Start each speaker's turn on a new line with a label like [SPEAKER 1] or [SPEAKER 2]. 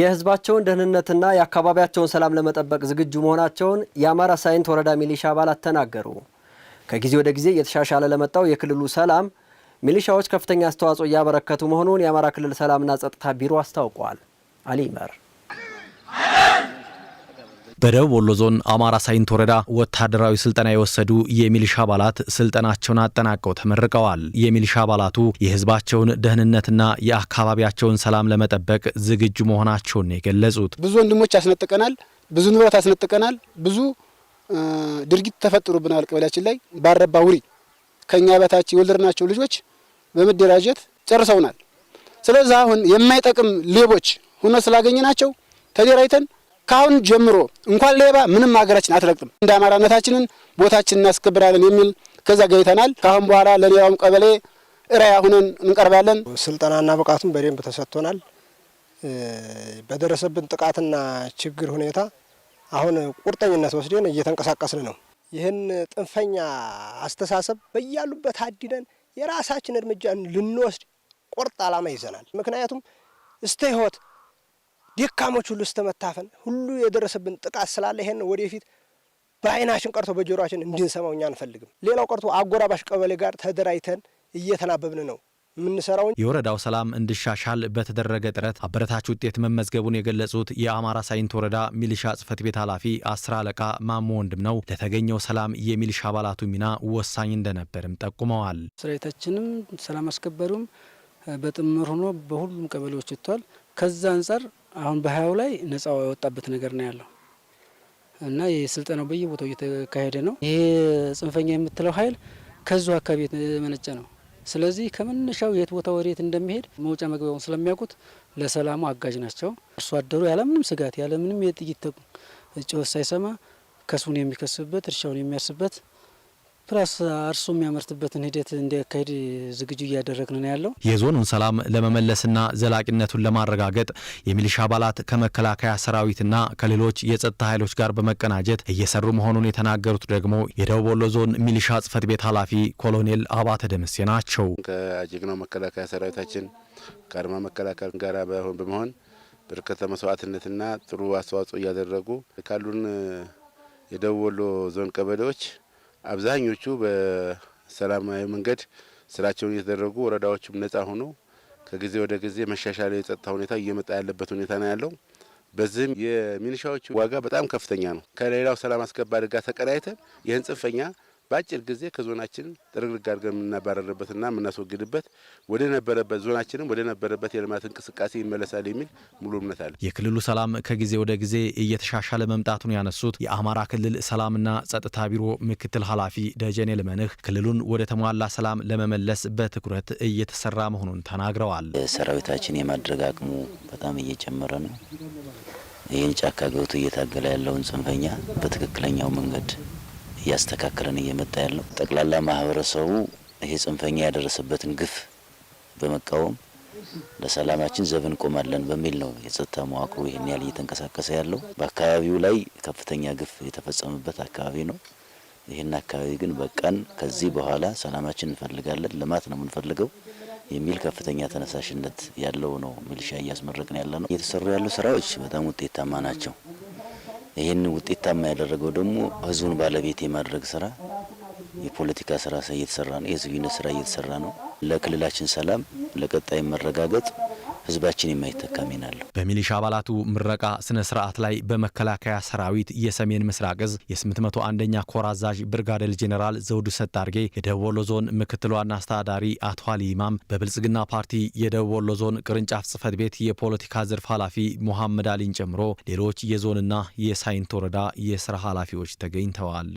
[SPEAKER 1] የህዝባቸውን ደህንነትና የአካባቢያቸውን ሰላም ለመጠበቅ ዝግጁ መሆናቸውን የአማራ ሳይንት ወረዳ ሚሊሻ አባላት ተናገሩ። ከጊዜ ወደ ጊዜ እየተሻሻለ ለመጣው የክልሉ ሰላም ሚሊሻዎች ከፍተኛ አስተዋጽኦ እያበረከቱ መሆኑን የአማራ ክልል ሰላምና ጸጥታ ቢሮ አስታውቋል። አሊመር
[SPEAKER 2] በደቡብ ወሎ ዞን አማራ ሳይንት ወረዳ ወታደራዊ ስልጠና የወሰዱ የሚሊሻ አባላት ስልጠናቸውን አጠናቀው ተመርቀዋል። የሚሊሻ አባላቱ የህዝባቸውን ደህንነትና የአካባቢያቸውን ሰላም ለመጠበቅ ዝግጁ መሆናቸውን የገለጹት።
[SPEAKER 3] ብዙ ወንድሞች አስነጥቀናል፣ ብዙ ንብረት አስነጥቀናል፣ ብዙ ድርጊት ተፈጥሮብናል። ቀበሌያችን ላይ ባረባ ውሪ ከእኛ በታች የወለድናቸው ልጆች በመደራጀት ጨርሰውናል። ስለዚህ አሁን የማይጠቅም ሌቦች ሆኖ ስላገኘናቸው ተደራጅተን ከአሁን ጀምሮ እንኳን ሌባ ምንም ሀገራችን አትረግጥም፣ እንደ አማራነታችንን ቦታችን እናስከብራለን የሚል ከዛ ገይተናል። ከአሁን በኋላ ለሌላውም ቀበሌ ራያ ሁነን እንቀርባለን።
[SPEAKER 4] ስልጠናና ብቃቱን በደንብ ተሰጥቶናል። በደረሰብን ጥቃትና ችግር ሁኔታ አሁን ቁርጠኝነት ወስደን እየተንቀሳቀስን ነው። ይህን ጥንፈኛ አስተሳሰብ በያሉበት አዲነን የራሳችን እርምጃን ልንወስድ ቁርጥ ዓላማ ይዘናል። ምክንያቱም እስተ ህይወት ደካሞች ሁሉ ስተመታፈን ሁሉ የደረሰብን ጥቃት ስላለ ይሄን ወደፊት በአይናችን ቀርቶ በጆሮችን እንድንሰማው እኛ አንፈልግም። ሌላው ቀርቶ አጎራባሽ ቀበሌ ጋር ተደራጅተን እየተናበብን ነው የምንሰራው።
[SPEAKER 2] የወረዳው ሰላም እንዲሻሻል በተደረገ ጥረት አበረታች ውጤት መመዝገቡን የገለጹት የአማራ ሳይንት ወረዳ ሚሊሻ ጽህፈት ቤት ኃላፊ አስር አለቃ ማሞ ወንድም ነው ለተገኘው ሰላም የሚሊሻ አባላቱ ሚና ወሳኝ እንደነበርም ጠቁመዋል።
[SPEAKER 5] ስራዊታችንም ሰላም አስከበሩም በጥምር ሆኖ በሁሉም ቀበሌዎች ወጥቷል። ከዛ አንጻር አሁን በሀያው ላይ ነጻ የወጣበት ነገር ነው ያለው እና የስልጠናው በየቦታው እየተካሄደ ነው። ይሄ ጽንፈኛ የምትለው ሀይል ከዙ አካባቢ የተመነጨ ነው። ስለዚህ ከመነሻው የት ቦታ ወዴት እንደሚሄድ መውጫ መግቢያውን ስለሚያውቁት ለሰላሙ አጋዥ ናቸው። አርሶ አደሩ ያለምንም ስጋት ያለምንም የጥይት ጩኸት ሳይሰማ ከሱን የሚከስብበት እርሻውን የሚያርስበት ፕላስ አርሶ የሚያመርትበትን ሂደት እንዲያካሄድ ዝግጁ እያደረግን ነው ያለው።
[SPEAKER 2] የዞኑን ሰላም ለመመለስና ዘላቂነቱን ለማረጋገጥ የሚሊሻ አባላት ከመከላከያ ሰራዊትና ከሌሎች የጸጥታ ኃይሎች ጋር በመቀናጀት እየሰሩ መሆኑን የተናገሩት ደግሞ የደቡብ ወሎ ዞን ሚሊሻ ጽህፈት ቤት ኃላፊ ኮሎኔል አባተ ደምሴ ናቸው።
[SPEAKER 6] ከጀግናው መከላከያ ሰራዊታችን ከአድማ መከላከያ ጋር በመሆን በርካታ መስዋዕትነትና ጥሩ አስተዋጽኦ እያደረጉ ካሉን የደቡብ ወሎ ዞን ቀበሌዎች አብዛኞቹ በሰላማዊ መንገድ ስራቸውን እየተደረጉ ወረዳዎችም ነጻ ሆኖ ከጊዜ ወደ ጊዜ መሻሻል የጸጥታ ሁኔታ እየመጣ ያለበት ሁኔታ ነው ያለው። በዚህም የሚኒሻዎች ዋጋ በጣም ከፍተኛ ነው። ከሌላው ሰላም አስከባሪ ጋር ተቀናይተን ይህን ጽንፈኛ በአጭር ጊዜ ከዞናችን ጥርግርግ አድርገን የምናባረርበትና የምናስወግድበት ወደ ነበረበት ዞናችንም ወደ ነበረበት የልማት እንቅስቃሴ ይመለሳል የሚል ሙሉ እምነት አለ።
[SPEAKER 2] የክልሉ ሰላም ከጊዜ ወደ ጊዜ እየተሻሻለ መምጣቱን ያነሱት የአማራ ክልል ሰላምና ጸጥታ ቢሮ ምክትል ኃላፊ ደጀኔ ልመንህ ክልሉን ወደ ተሟላ ሰላም ለመመለስ በትኩረት እየተሰራ መሆኑን ተናግረዋል።
[SPEAKER 7] ሰራዊታችን የማድረግ አቅሙ በጣም እየጨመረ ነው። ይህን ጫካ ገብቶ እየታገለ ያለውን ጽንፈኛ በትክክለኛው መንገድ እያስተካከለን እየመጣ ያለው ጠቅላላ ማህበረሰቡ ይሄ ጽንፈኛ ያደረሰበትን ግፍ በመቃወም ለሰላማችን ዘብ እንቆማለን በሚል ነው የጸጥታ መዋቅሩ ይህን ያህል እየተንቀሳቀሰ ያለው። በአካባቢው ላይ ከፍተኛ ግፍ የተፈጸመበት አካባቢ ነው። ይህን አካባቢ ግን በቀን ከዚህ በኋላ ሰላማችን እንፈልጋለን፣ ልማት ነው የምንፈልገው የሚል ከፍተኛ ተነሳሽነት ያለው ነው ሚሊሻ እያስመረቅን ያለ ነው። እየተሰሩ ያሉ ስራዎች በጣም ውጤታማ ናቸው። ይህን ውጤታማ ያደረገው ደግሞ ህዝቡን ባለቤት የማድረግ ስራ የፖለቲካ ስራ እየተሰራ ነው። የህዝብነት ስራ እየተሰራ ነው። ለክልላችን ሰላም ለቀጣይ መረጋገጥ ህዝባችን የማይተካ ሚና አለው።
[SPEAKER 2] በሚሊሻ አባላቱ ምረቃ ስነ ስርዓት ላይ በመከላከያ ሰራዊት የሰሜን ምስራቅ እዝ የ801ኛ ኮር አዛዥ ብርጋዴር ጄኔራል ዘውዱ ሰጣርጌ፣ የደቡብ ወሎ ዞን ምክትል ዋና አስተዳዳሪ አቶ አሊ ኢማም፣ በብልጽግና ፓርቲ የደቡብ ወሎ ዞን ቅርንጫፍ ጽህፈት ቤት የፖለቲካ ዘርፍ ኃላፊ ሙሐመድ አሊን ጨምሮ ሌሎች የዞንና የሳይንት ወረዳ የስራ ኃላፊዎች ተገኝተዋል።